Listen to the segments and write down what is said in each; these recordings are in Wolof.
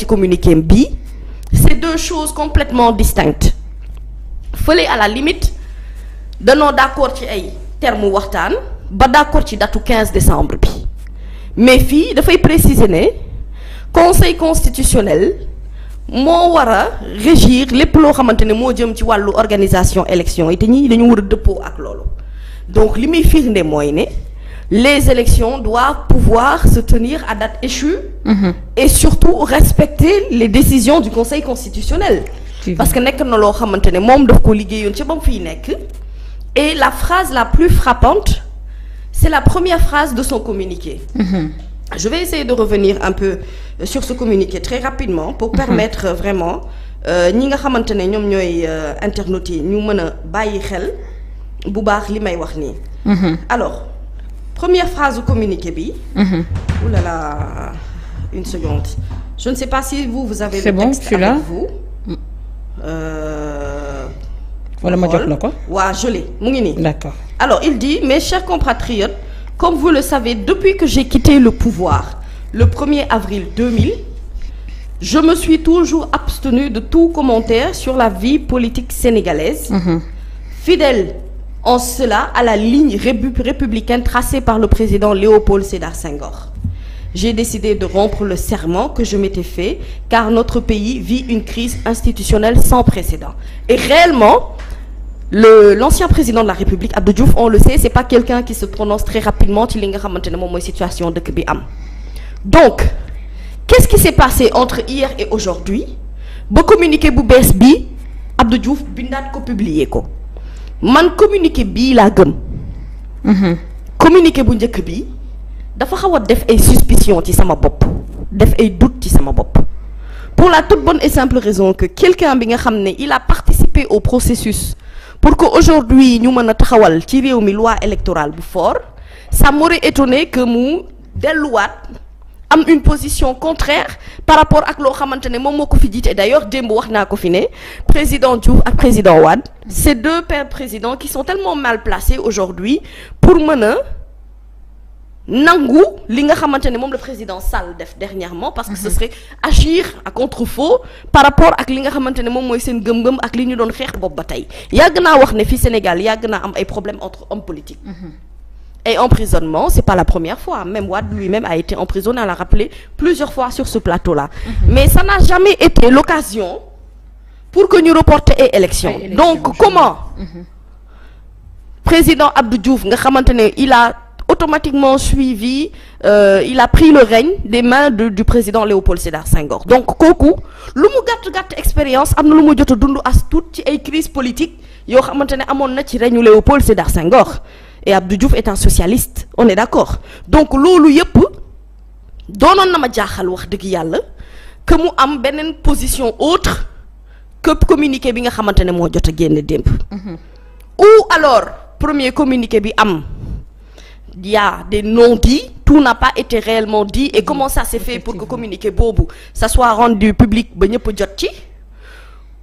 ci communiqué bi c'est deux choses complètement distinctes fële à la limite danoo d'accord ci ay termes waxtaan ba d'accord ci datu 15 décembre bi mais fii dafay préciser ne conseil constitutionnel moo war a régir lépp loo xamante ne moo jëm ci wàllu organisation élection yi te ñii dañu war a dëppoo ak loolu donc li muy firnde mooy ne. les élections doivent pouvoir se tenir à date échue mmh. et surtout respecter les décisions du Conseil constitutionnel mmh. parce que nekk na loo xamante ne moom daf ko liggéeyoon ca ba mu fiy nekk et la phrase la plus frappante c'est la première phrase de son communiqué mmh. je vais essayer de revenir un peu euh, sur ce communiqué très rapidement pour mhm. permettre euh, vraiment euh, ñi nga xamante ne ñoom ñooy internautes yi ñu mën a bàyyi xel bu li may wax nii mhm. alors première phrase du communiqué bi. ouh là là une seconde je ne sais pas si vous avez. le texte avec vous c'est mm. euh, ma jox la ko. waaw je l'ai mu ngi nii. d'accord alors il dit mes chers compatriotes comme vous le savez depuis que j'ai quitté le pouvoir le 1er avril 2000 je me suis toujours abstenu de tout commentaire sur la vie politique sénégalaise. Mhm. fidèle. en cela à la ligne républicaine tracée par le président Léopold Sédar Senghor. J'ai décidé de rompre le serment que je m'étais fait car notre pays vit une crise institutionnelle sans précédent. Et réellement, le l'ancien président de la République Abdou Diouf, on le sait, c'est pas quelqu'un qui se prononce très rapidement ci li nga xamante ne moom mooy situation dëkk bi am. Donc, qu'est-ce qui s'est passé entre hier et aujourd'hui ba communiqué bu bees bi Abdou Diouf bindaat ko ko. man communiqué bii laa gëm. Mhm. communiqué bu njëkk bi dafa xaw a def ay suspicion ci sama bopp def ay doute ci sama bopp pour la toute bonne et raison que quelqu'un bi nga xam ne il a participer au processus pour que aujourd'hui ñu mën a taxawal ci réew mi loi électorale bu for ça m'aurait étonné que mu delluwaat. am une position contraire par rapport ak loo xamante ne moom moo ko fi jiite d'ailleurs démb wax naa ko fi ne président Diouf ak président Wade ces deux pères présidents qui sont tellement mal placés aujourd'hui pour mën a nangu li nga xamante ne moom le président Sall def dernièrement parce que ce mhm. serait agir à contre par rapport ak li nga xamante ne moom mooy seen gëm-gëm ak li ñu doon xeex bopp ba tey yàgg naa wax ne fii Sénégal yàgg naa am ay problèmes entre hommes et emprisonnement c'est pas la première fois même Wade lui-même a été emprisonné on l'a rappelé plusieurs fois sur ce plateau-là mm -hmm. mais ça n'a jamais été l'occasion pour que ñu reporter ay élections donc élection, comment mm -hmm. président Abdou Diouf nga xamante ne il a automatiquement suivi euh, il a pris le règne des mains de, du président Léopold Sédar Senghor donc kooku lu mu gàtt expérience am na lu mu jot dund as tuut ci ay crise politique yoo xamante ne amoon na ci règne Léopold Sédar Senghor et Abdou Diouf est un socialiste on est d'accord donc loolu yëpp doonoon na ma jaaxal wax dëgg yàlla que mu am beneen position autre que communiqué bi nga xamante ne moo jot a génn démb. Mm-hmm. ou alors premier communiqué bi am y a des non-dits tout n'a pas été réellement dit et comment mm-hmm. ça s'est fait pour que communiqué boobu ça soit rendu public ba ñëpp jot ci.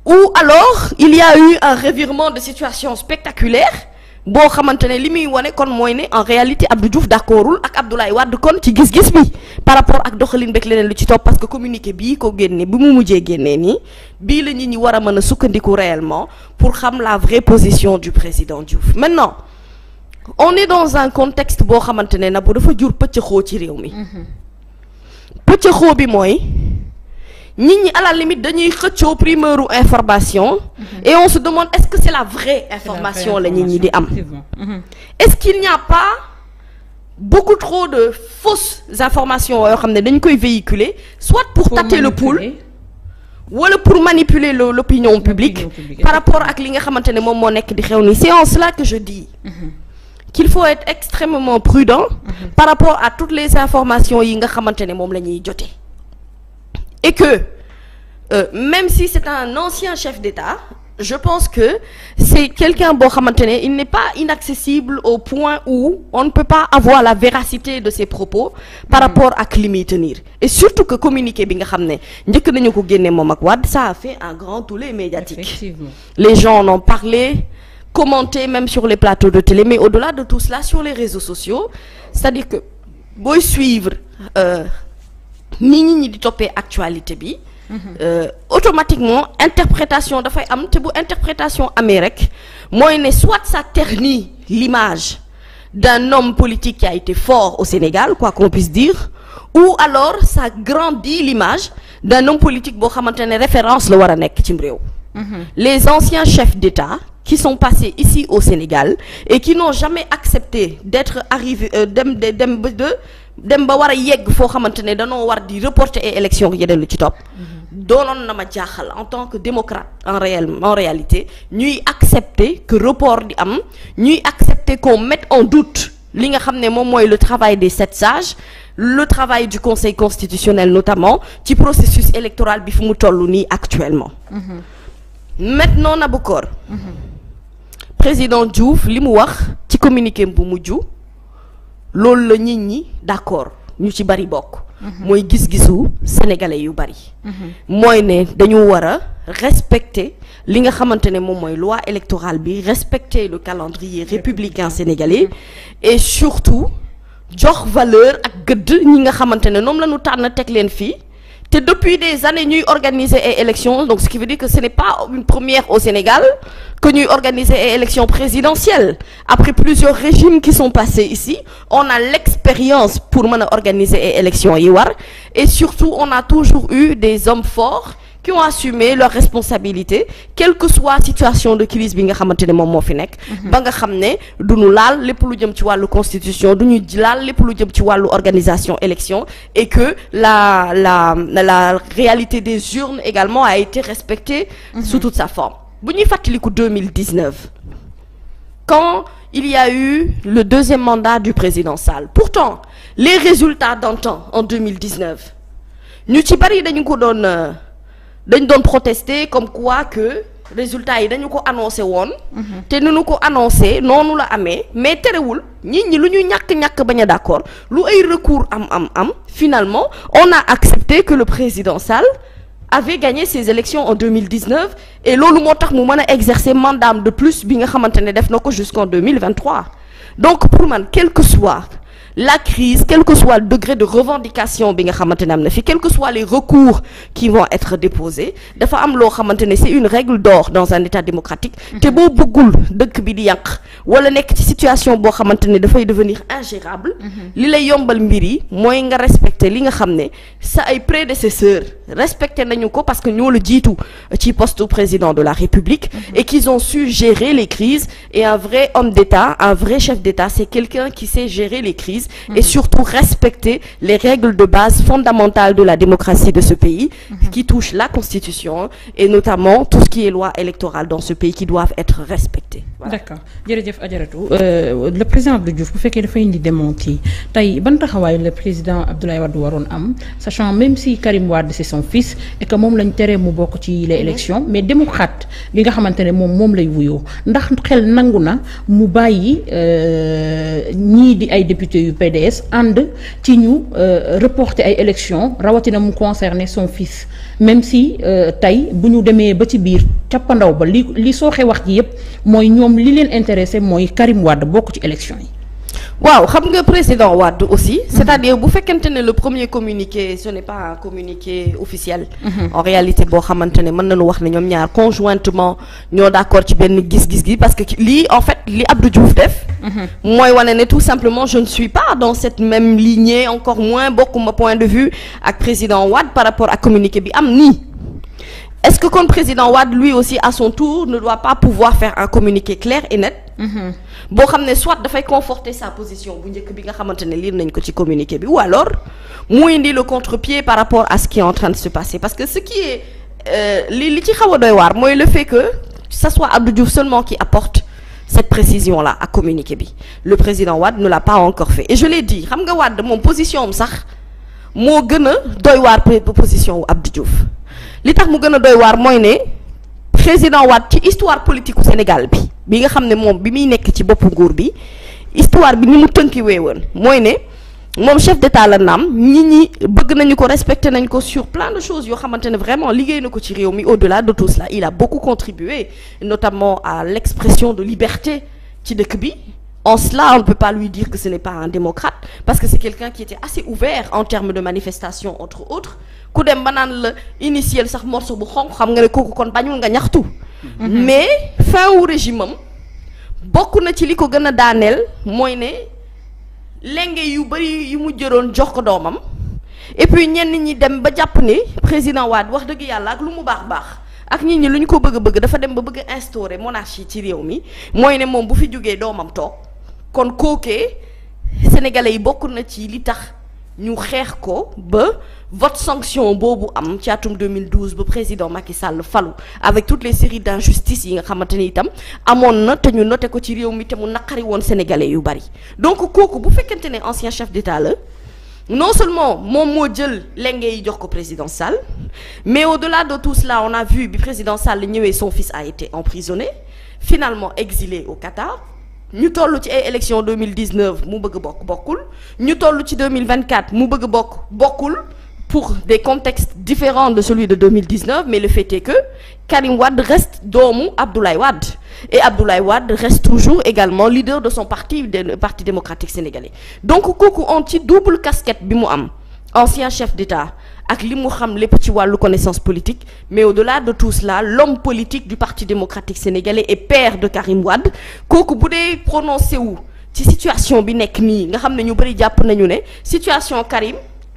ou alors il y eu un revirement de situation spectaculaire. boo xamante ne li muy wane kon mooy ne en réalité Abdou Diouf d'accordul ak Abdoulaye Wade kon ci gis-gis bi par rapport ak doxalin beeg leneen lu ci topp parce que communiqué bii ko génne bi mu mujjee génnee nii bii la nit ñi war a mën a sukkandiku réellement pour xam la vraie position du président Diouf maintenant on est dans un contexte boo xamante ne na bu dafa jur pëcc xoo ci réew mi mm-hmm. pëcc bi mooy nit ñi à la limite dañuy xëccoo primeur information mhm. et on se demande est-ce que c'est la vraie information la nit ñi di am est-ce qu'il n'y a pas beaucoup trop de fausses informations yoo xam ne dañ koy véhiculer soit pour tâter le pouls wala pour manipuler l'opinion publique par rapport ak li nga xamante ne moom moo nekk di xew ni c'est en cela que je dis mhm. qu'il faut être extrêmement prudent mhm. par rapport à toutes les informations yi nga xamante ne moom la ñuy jotee et que euh, même si c'est un ancien chef d'État je pense que c'est quelqu'un boo xamante ne il n'est pas inaccessible au point où on ne peut pas avoir la véracité de ses propos par hmm. rapport ak li muy tenir et surtout que communiqué bi nga xam ne njëkk nañu ko génne moom ak Wade ça a fait un grand tollé médiatique les gens en ont parlé commenté même sur les plateaux de télé mais au-delà de tout cela sur les réseaux sociaux c'est-à-dire que booy suivre euh, ni ñi di toppee actualité bi. Euh, automatiquement interprétation dafay am te bu interprétation amee rek mooy ne soit ça ternit l'image d'un homme politique qui a été fort au Sénégal quoi qu'on puisse dire ou alors ça grandit l'image d'un homme politique boo xamante ne référence la war a nekk cim réew les anciens chefs d'État qui sont passés ici au Sénégal et qui n'ont jamais accepté d'être arrivés euh, dem dem de dem ba war a yegg foo xamante ne danoo war di reporter ay élections yeneen lu ci topp. Mhm. doonoon na ma jaaxal en tant que démocrate en réel en réalité ñuy accepter que report di am ñuy accepter qu'on mette en doute li nga xam ne moom mooy le travail des set sages le travail du conseil constitutionnel notamment ci processus électoral bi fi mu toll nii actuellement. Mhm. maintenant Nabou Cor. Mhm. président Diouf li mu wax ci communiqué bu mujj. loolu la nit ñi d'accord ñu ci bari bokk. mooy gis-gisu sénégalais yu bari. mooy ne dañu war a respecter li nga xamante ne moom mooy loi électorale bi respecter le calendrier républicain sénégalais et surtout jox valeur ak gëdd ñi nga xamante ne ñoom la tànn teg leen fii. te depuis des années ñuy organiser ay élections donc ce qui veut dire que ce n'est pas une première au Sénégal que ñuy organiser ay élections présidentielles après plusieurs régimes qui sont passés ici on a l'expérience pour mën a organiser ay élections yi war et surtout on a toujours eu des hommes forts qui ont assumé leur responsabilité quelle que soit situation de crise bi nga xamante ne moom moo fi nekk mhm. ba nga xam ne duñu laal lépp lu jëm ci wàllu constitution duñu laal lépp lu jëm ci wàllu organisation élection et que la la la réalité des urnes également a été respectée mm sous toute sa forme bu ñuy fàttaliku 2019 quand il y a eu le deuxième mandat du président Sall pourtant les résultats d'antan en 2019 ñu ci bari dañu ko doon euh, dañ doon protester comme quoi que résultat yi dañu ko annoncé woon. Mhm. te ni ñu ko annoncé noonu la amee mais terewul nit ñi lu ñu ñàkk ñàkk bañ a d'accord lu ay recours am am am finalement on a accepté que le président Sall avait gagné ses élections en 2019 et loolu moo tax mu mën a exercer mandaam de plus bi nga xamante ne def na ko jusqu'en 2023 donc pour man quel que soit. la crise quel que soit le degré de revendication bi nga xamante ne am na fi quels que soient les recours qui vont être déposés dafa am loo xamante ne c'est une règle d'or dans un état démocratique mhm. te boo bëggul dëkk bi di yàq wala nekk ci situation boo xamante ne dafay devenir ingérable mhm. li lay yombal mbir yi mooy nga respecter li nga xam ne sa ay prédécesseurs respecté nañu ko parce que ñoo la jiitu ci post président de la République mhm. et qu'ils ont su gérer les crises et un vrai homme d'État un justice et surtout respecter les règles de base fondamentales de la démocratie de ce pays mhm. qui touchent la constitution et notamment tout ce qui est loi électorale dans ce pays qui doivent être respectées voilà. d'accord jërëjëf Adjaratou euh, le président Abdou Diouf bu fekkee dafay indi démenti tey ban taxawaay le président Abdoulaye Wade waroon am chant même si Karim Wade c'est son fils et que moom lañ teree mu bokk ci les élections mhm. mais démocrate bi nga xamante ne moom moom lay wuyoo ndax xel nangu na mu bàyyi euh, ñii di ay député yu PDS ànd ci ñu euh, reporter ay élections rawatina mu concerner son fils même si euh, tey bu ñu demee ba ci biir cappandaw ba li li sooxe wax ji yépp mooy ñoom li leen intéressé mooy Karim Wade bokk ci élections yi. waaw xam nga président Wade aussi mhm. c'est-à-dire bu fekkente ne le premier communiqué ce n'est pas un communiqué officiel mhm. en réalité boo xamante ne mën nañu wax na ñoom ñaar conjointement ñoo d'accord ci benn gis-gis gi parce que lii en fait li Abdou Diouf def mhm. mooy wane ne tout simplement je ne suis pas dans cette même lignée encore moins bokkuma point de vue ak président Wade par rapport ak communiqué bi am nii est-ce que kon président Wade lui aussi à son tour ne doit pas pouvoir faire un communiqué clair et net mhm. boo xam ne soit dafay conforter sa position bu njëkk bi nga xamante ne lire nañ ko ci communiqué bi ou alors mu indi le contre par rapport à ce qui est en train de se passer parce que ce qui est euh, li li ci xaw doy waar mooy le fait que ça soit Abdou Diouf seulement qui apporte cette précision la ak communiqué bi le président Wade ne l'a pas encore fait nga Wade moom position am sax moo gën a doy waar position wu Abdou li tax mu gën a doy waar mooy ne président waat ci histoire politique u Sénégal bi bi nga xam ne moom bi muy nekk ci boppu nguur bi histoire bi ni mu tënki weewoon mooy ne moom chef d'état la naam ñi ñi bëgg nañu ko respecté nañ ko sur plein de choses yoo xamante ne vraiment liggéey na ko ci réew mi au-delà de tout cela il a beaucoup contribué notamment à l'expression de liberté ci dëkk bi en cela, on ne peut pas lui dire que ce n'est pas un démocrate, parce que c'est quelqu'un qui assez ouvert en termes de manifestation, entre autres. ku dem ba naan la initiel sax morceau bu xonq xam nga ne kooku kon bañul nga ñaxtu. Mhm. mais fin wu régime am bokk na ci li ko gën a daaneel mooy ne lenge yu bëri yu mu jëroon jox ko doomam et puis ñenn ñi dem ba jàpp ni président Wade wax dëgg yàlla ak lu mu baax baax. ak nit ñi lu ñu ko bëgg bëgg dafa dem ba bëgg a instaurer monarchie ci réew mi mooy ne moom bu fi jógee doomam toog. kon kookee sénégalais yi bokk na ci li tax ñu xeex ko ba vote sanction boobu am ci atum 2012 ba président Macky Sall falu avec toutes les séries d'injustices yi nga xamante ni itam amoon na te ñu note ko ci réew mi te mu naqari woon sénégalais yu bari donc kooku bu fekkente ne ancien chef d'état la non seulement moom moo jël lenge ngay jox ko président Sall mais au-delà de tout cela on a vu bi président Sall ñëwee son fils a été emprisonné finalement exilé au Qatar ñu toll ci ay élection 2019 mu bëgg bokk bokkul ñu toll ci 2024 mu bëgg bokk bokkul pour des contextes différents de celui de 2019 mais le fait est que Karim Wade reste doomu Abdoulaye Wade et Abdoulaye Wade reste toujours également leader de son parti de parti démocratique sénégalais donc kooku on ci double casquette bi mu am ancien chef d'État ak li mu xam lépp ci wàllu connaissance politique mais au-delà de tout cela l'homme politique du Parti démocratique sénégalais et père de Karim Wade kooku bu dee prononcé wu ci situation bi nekk nii nga xam ne ñu bëri jàpp nañu ne situation Karim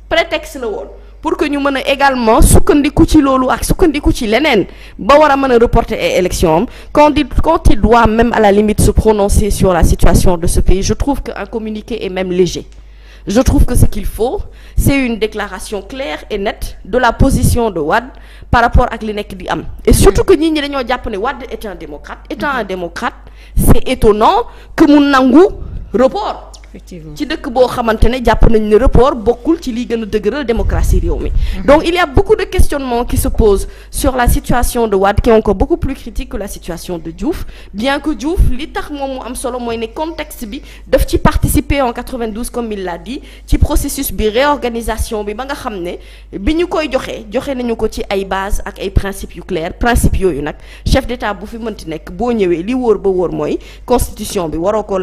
prétexte la woon pour que ñu mën a également sukkandiku ci loolu ak sukkandiku ci leneen ba war a mën a reporter ay élections am quand il quand il doit même à la limite se prononcer sur la situation de ce pays je trouve je trouve que ce qu'il faut c'est une déclaration claire et nette de la position de Wade par rapport ak li nekk di am et surtout que nit ñi dañoo jàpp ne Wade est un démocrate étant un démocrate c'est étonnant que mu nangu report effectivement ci dëkk boo xamante ne jàpp nañ ne report bokkul ci liy gën a dëgëral démocratie réew mi. Mhm. donc il y a beaucoup de questionnements qui se posent sur la situation de Wade qui est encore beaucoup plus critique que la situation de Diouf bien que Diouf li tax moom mu am solo mooy ne contexte bi daf ci participer en 92 comme il l'a di ci processus bi réorganisation bi ba nga xam ne bi ñu koy joxe joxe nañu ko ci ay base ak ay principes yu clair principes yooyu nag chef d'état bu fi mënti nekk boo ñëwee li wóor ba wóor mooy constitution bi waroo ko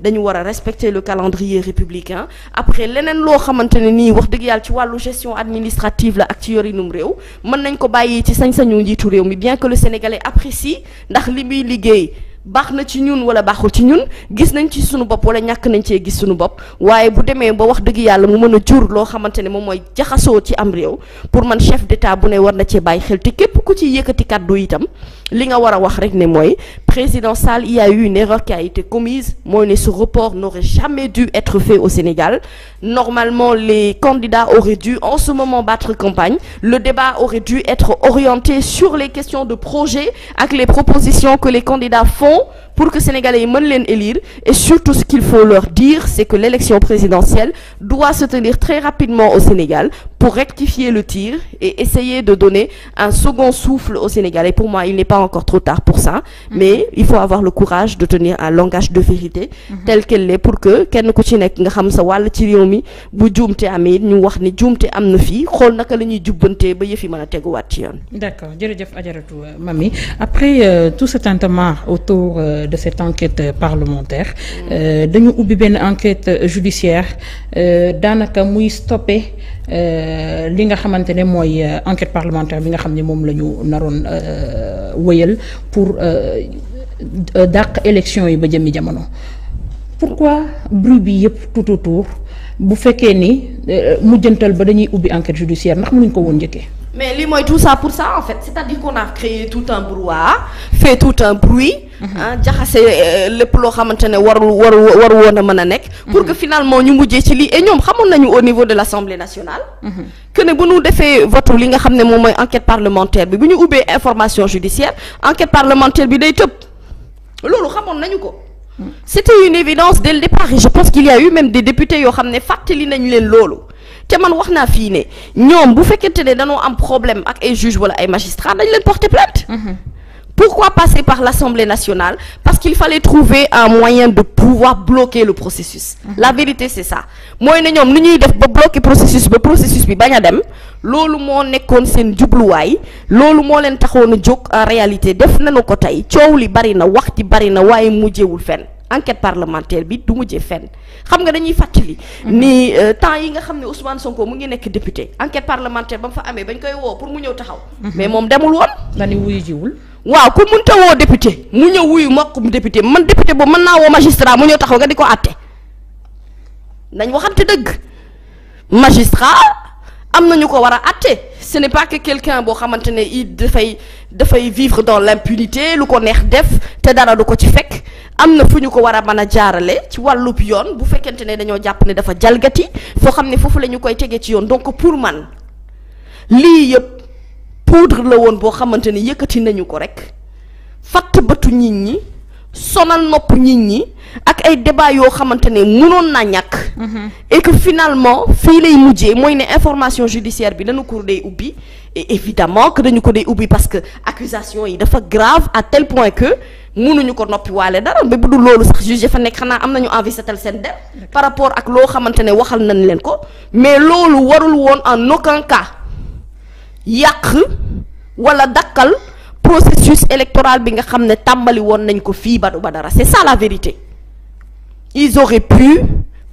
dañu war a respecter le calendrier républicain après leneen loo xamante ne nii wax dëgg yàlla ci wàllu gestion administrative la ak ci yorinum réew mën nañ ko bàyyi ci sañ-sañu njiitu réew mi bien que le sénégalais apprécie ndax li muy liggéey baax na ci ñun wala baaxul ci ñun gis nañ ci sunu bopp wala ñàkk nañ cee gis suñu bopp waaye bu demee ba wax dëgg yàlla mu mën a jur loo xamante ne moom mooy jaxasoo ci am réew pour man chef d'état bu ne war na cee bàyyi xel te képp ku ci yëkkati kàddu itam li nga war a wax rek ne mooy présidentielle, il y a eu une erreur qui a été commise. Moi, ce report n'aurait jamais dû être fait au Sénégal. Normalement, les candidats auraient dû en ce moment battre campagne. Le débat aurait dû être orienté sur les questions de projet avec les propositions que les candidats font pour que Sénégalais puissent élire. Et surtout, ce qu'il faut leur dire, c'est que l'élection présidentielle doit se tenir très rapidement au Sénégal pour rectifier de donner un second il faut avoir le courage de tenir un langage de vérité mhm. tel qu'elle pour que kenn ku ci nekk nga xam sa wàll ci réew mi bu juumte amee ñu wax ni juumte am na fii xool naka la ñuy jubbantee ba yëf yi mën a teguwaat ci yoon. d'accord jërëjëf Adjaratou euh, Mamy après euh, tout ce tintamarre autour euh, de cette enquête euh, parlementaire mm. dañu ubbi benn enquête judiciaire daanaka muy stoppé li nga xamante ne mooy enquête parlementaire bi nga xam ne moom la ñu naroon wëyal pour. Euh, Euh, dàq élection yi ba jëmmi jamono pourquoi bruit bi yëpp tout autour bu fekkee ni euh, mujjantal ba dañuy ubbi enquête judiciaire ndax mënuñ ko woon njëkkee. mais li mooy tout ça pour ça en fait c'est-à-dire qu'on a créé tout un brouhaha fait tout un bruit. Mhm. jaxase euh, lépp loo xamante ne warul waru waru woon a mën a nekk. pour que mhm. finalement ñu mujjee ci lii et ñoom xamoon nañu au niveau de l'Assemblée nationale. Mhm. que ne bu ñu defee vote li nga xam ne moom mooy enquête parlementaire bi bu ñu ubbee information judiciaire enquête parlementaire bi day tëb. loolu xamoon nañu ko. c'était une évidence dès le départ et je pense qu'il y a eu même des députés yoo xam ne fàttali nañ leen loolu te man wax naa fii ne ñoom bu fekkente ne danoo am problème ak ay juge wala ay magistrats dañ leen porter plainte. Mhm. Pourquoi passer par l'Assemblée nationale? Parce qu'il fallait trouver un moyen de pouvoir bloquer lu processus. Mhm. La vérité c'est ça mooy na ñoom nu ñuy def ba bloquer processus ba processus bi bañ a dem loolu moo nekkoon seen jubluwaay loolu moo leen taxoon a jóg en réalité def nañu ko tey coow li bari na wax ji bari na waaye mujjewul fenn. enquête parlementaire bi du mujjee fen xam nga dañuy fàttali. Mhm. ni euh, temps yi nga xam ne Ousmane Sonko mu ngi nekk député enquête parlementaire ba mu fa amee bañ koy woo pour mu ñëw taxaw. Mhm. mais moom demul woon. nga jiwul. waaw ku mënta woo député mu ñëw wuyu mokkum député man député boobu mën naa woo magistrat mu ñëw taxaw nga di ko àtte nañ waxante dëgg magistrat am nañu ko war a àtte ce n'est pas que quelqu'un boo xamante ne it dafay dafay vivre dans l'impunité lu ko neex def te dara du ko ci fekk am na fu ñu ko war a mën a jaarale ci wàllub yoon bu fekkente ne dañoo jàpp ne dafa jalgati foo xam ne foofu la ñu koy tegee ci yoon donc pour man lii yëpp poudre la woon boo xamante ni yëkkati nañu ko rek fatt bëtu nit ñi sonal nopp nit ñi ak ay débat yoo xamante ne mënoon naa ñàkk mm-hmm. et que finalement fii lay mujjee mooy ne information judiciaire bi dañu ko day ubbi et évidemment que dañu ko day ubbi parce que accusation yi dafa grave à tel point que mënuñu ko noppi waale dara mais bu dul loolu sax juge fa nekk xanaa am nañu envie seen der par rapport ak loo xamante ne waxal nañ leen ko mais loolu warul woon en aucun yàq wala dakkal processus électoral bi nga xam ne tàmbali woon nañ ko fii ba Badou Badara c'est ça la vérité ils auraient pu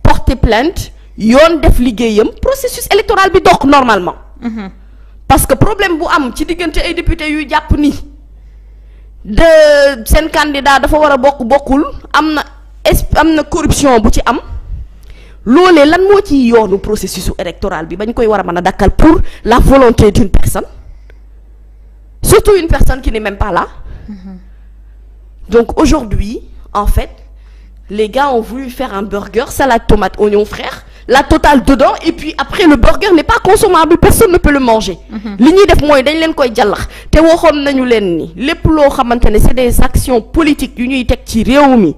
porter plainte yoon def liggéeyam processus électoral bi dox normalement mhm. parce que problème bu am ci diggante ay député yu jàpp ni de seen candidat dafa war a bokk bokkul am na am na corruption bu ci am loolee lan moo ci yoonu processus électoral bi bañ koy war a mën a dakkal pour la volonté d'une personne surtout une personne qui n'est même pas là mm-hmm. donc aujourd'hui en fait les gars ont voulu faire un burger salade tomate oignon frère la totale dedans et puis après le burger n'est pas consommable personne ne peut le manger mm-hmm. li ñuy def mooy dañ leen koy jàllax te waxoon nañu leen ni lépp loo xamante ne c'est des actions politiques yu ñuy teg ci réew mi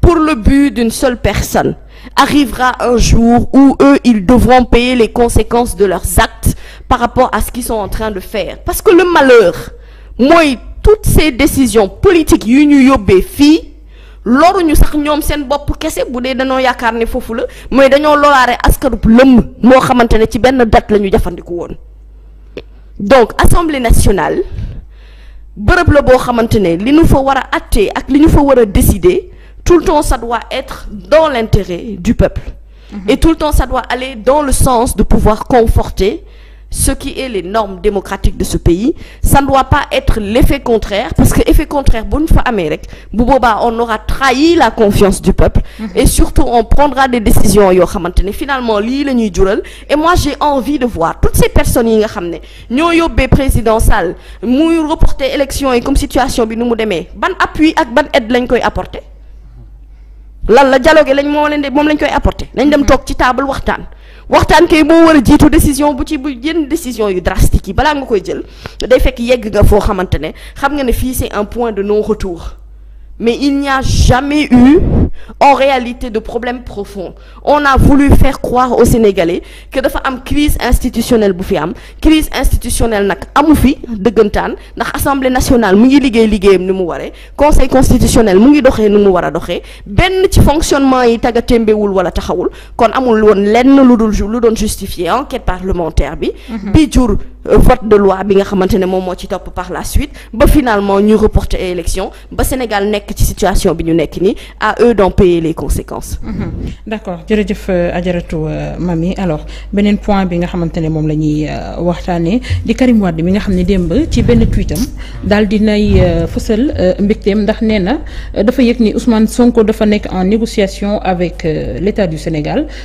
pour le but d'une seule personne arrivera un jour où eux, ils devront payer les conséquences de leurs actes par rapport à ce qu'ils sont en train de faire. Parce que le malheur mooy toutes ces décisions politiques yu ñu yóbbee fii loruñu sax ñoom seen bopp kese bu dee dañoo yaakaar ne foofu la mooy dañoo lolaare askarub lëmm moo xamante ne ci benn date la ñu jafandiku woon donc assemblée nationale bërëb la boo xamante ne li ñu fa war a àtte ak li ñu fa war a décider tout le temps ça doit être dans l'intérêt du peuple mhm. et tout le temps ça doit aller dans le sens de pouvoir conforter ce qui est les normes démocratiques de ce pays ça ne doit pas être l'effet contraire parce que effet contraire bu ñu fa amee rek bu boobaa on aura trahi la confiance du peuple mhm. et surtout on prendra des décisions yoo xamante ne finalement li la ñuy jural et moi j'ai envie de voir toutes ces personnes yi nga xam ne ñoo yóbbee président Sall muy reporter élection yi comme situation bi nu mu demee ban appui ak ban aide lañ koy apporter lan la dialogue lañ moo leen moom lañ koy apporter nañ dem toog ci table waxtaan waxtaan kay moo war a jiitu décision bu ci bu yenn décision yu drastique yi balaa nga koy jël day fekk yegg nga foo xamante ne xam nga ne fii c'est un point de non retour mais il n'y a jamais eu en réalité de problème profond on a voulu faire croire aux Sénégalais que dafa am crise institutionnelle bu fi am crise institutionnelle nag amu fi dëggantaan ndax assemblée nationale mu ngi liggéey liggéeyam ni mu waree conseil constitutionnel mu ngi doxee ni mu war a doxee benn ci fonctionnement yi taga témbewul wala taxawul kon amul woon lenn lu dul lu doon justifier enquête parlementaire bi mhm. bi jur vote de loi bi nga xamante ne moom moo ci topp par la suite ba finalement ñu reporter élection ba Sénégal nekk ci situation bi ñu nekk nii à eux d'en payer les conséquences. Mhm. d' accord jërëjëf euh, ajaratu euh, mami alors beneen point bi nga xamante ne moom la ñuy euh, waxtaanee di Karim Wade mi nga xam ne démb ci benn tweetam daal di nay fësal mbégteem ndax nee na dafa yëg ni Ousmane Sonko dafa nekk en négociation avec l' état du Sénégal